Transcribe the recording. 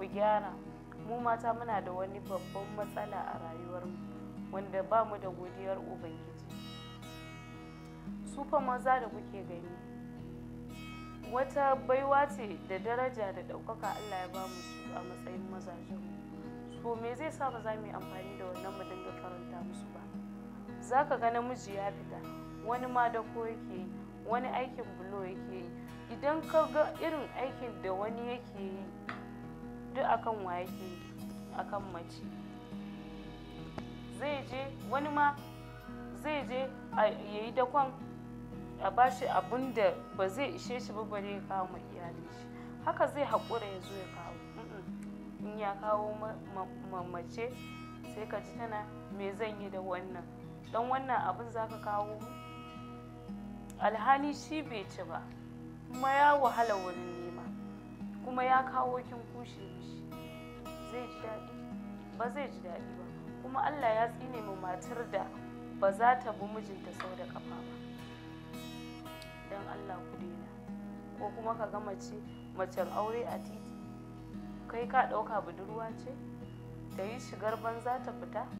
ku gyara mu mata muna da wani babban matsala a rayuwarmu wanda ba mu da godiyar ubangiji sufa maza da kuke gani wata baiwa ce da daraja da ɗaukaka allah ya ba mu su a matsayin mazajen so me zai sa ba za mu yi amfani da wannan mu dinga karanta musu ba za ka ga namiji ya fita wani ma da ko yake yi wani aikin bulo yake yi idan ka ga irin aikin da wani yake yi akan wa yake akan mace zai je wani ma zai je ya yi dakon a bashi abin da ba zai ishe shi ba bare ya kawo iyalin shi haka zai haƙura ya zo ya kawo in ya kawo mace sai ka ji tana me zan yi da wannan don wannan abin za ka kawo alhali shi bai ci ba kuma ya wahala wurin kuma ya kawo kin kushe mishi zai ji daɗi ba zai ji daɗi ba kuma Allah ya tsine mu matar da ba za ta bi mijinta sau da kafa ba don Allah ku daina ko kuma ka ga mace macen aure a titi kai ka ɗauka budurwa ce ta yi shigar banza ta fita